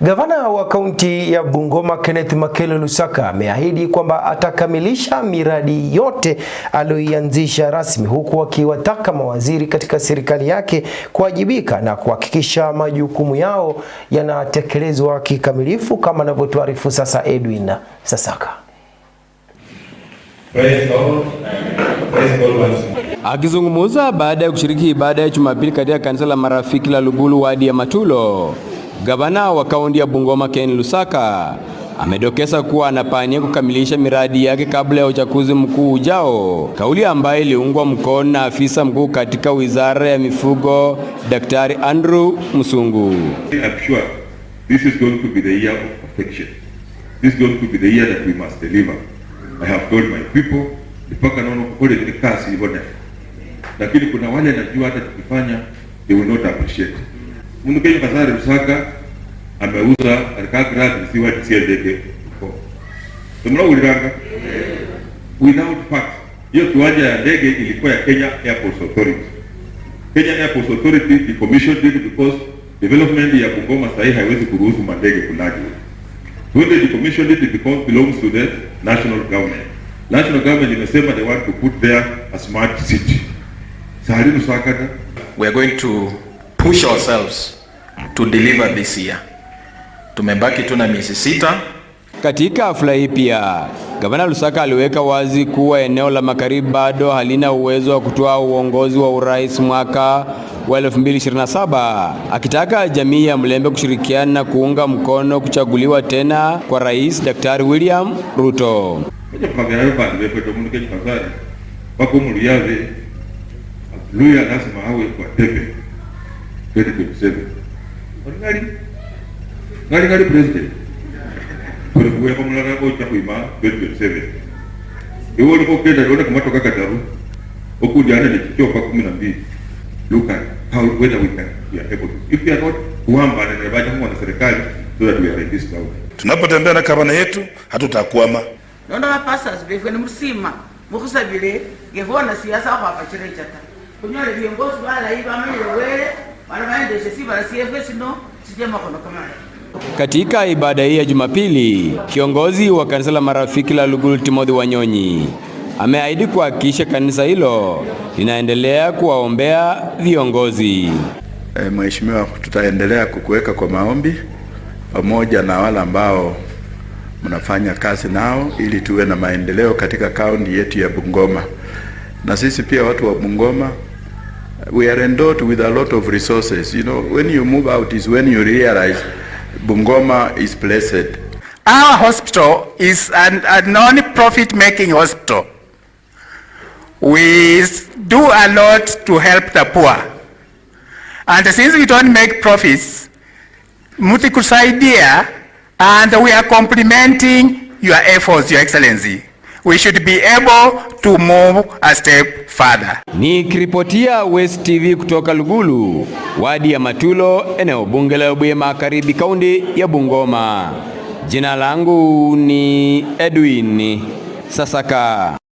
Gavana wa kaunti ya Bungoma Kenneth Makelo Lusaka ameahidi kwamba atakamilisha miradi yote aliyoianzisha rasmi huku akiwataka mawaziri katika serikali yake kuwajibika na kuhakikisha majukumu yao yanatekelezwa kikamilifu kama anavyotuarifu sasa Edwin Sasaka. Akizungumza baada ya kushiriki ibada ya Jumapili katika kanisa la Marafiki la Lubulu wadi ya Matulo Gavana wa kaunti ya Bungoma Ken Lusaka amedokeza kuwa anapania kukamilisha miradi yake kabla ya uchaguzi mkuu ujao, kauli ambayo iliungwa mkono na afisa mkuu katika wizara ya mifugo Daktari Andrew Musungu. Lakini kuna wale najua hata tukifanya they will not appreciate. Mwinukenyo Kasare Rusaka ameuza alikakiratirisiwa DCLDK tumulaulilanga without fact. Hiyo kiwanja ya ndege ilikuwa ya Kenya Airports Authority. Kenya Airports Authority decommissioned it because development ya Bungoma sahi haiwezi kuruhusu mandege kulaje. When they decommissioned it, it because belongs to the national government. National government imesema they want to put there a smart city. Sahari Rusaka. We are going to push ourselves to deliver this year. Tumebaki na miezi sita. Katika hafla hii pia Gavana Lusaka aliweka wazi kuwa eneo la Makaribi bado halina uwezo wa kutoa uongozi wa urais mwaka wa 2027 akitaka jamii ya Mlembe kushirikiana na kuunga mkono kuchaguliwa tena kwa Rais Daktari William Ruto. Felix ngalingali ngalingali president kwelikuweka mulala ochakwima Felix iwe uliko kenda liona kumatoka kataru okundi ana nechichopa kumi na mbili look at how whether not kuamba na bajangwa na serikali so that we are in this cloud tunapotembea na kabana yetu hatutakwama nondo vapasasi vefwe ni musima mukhusavile ngevona siasa akhwapa chirecha ta kunyola viongozi valai vamanyile wele E katika ibada hii ya Jumapili, kiongozi wa kanisa la marafiki la Lugulu Timothy Wanyonyi ameahidi kuhakikisha kanisa hilo linaendelea kuwaombea viongozi. E, mheshimiwa, tutaendelea kukuweka kwa maombi pamoja na wale ambao mnafanya kazi nao ili tuwe na maendeleo katika kaunti yetu ya Bungoma, na sisi pia watu wa Bungoma we are endowed with a lot of resources. You know, when you move out is when you realize Bungoma is blessed. Our hospital is an, a non-profit making hospital. We do a lot to help the poor. And since we don't make profits, idea, and we are complimenting your efforts, Your Excellency we should be able to move a step further. Nikiripotia West TV kutoka Lugulu, wadi ya Matulo, eneo bunge la Webuye Magharibi, kaunti ya Bungoma. Jina langu ni Edwin Sasaka.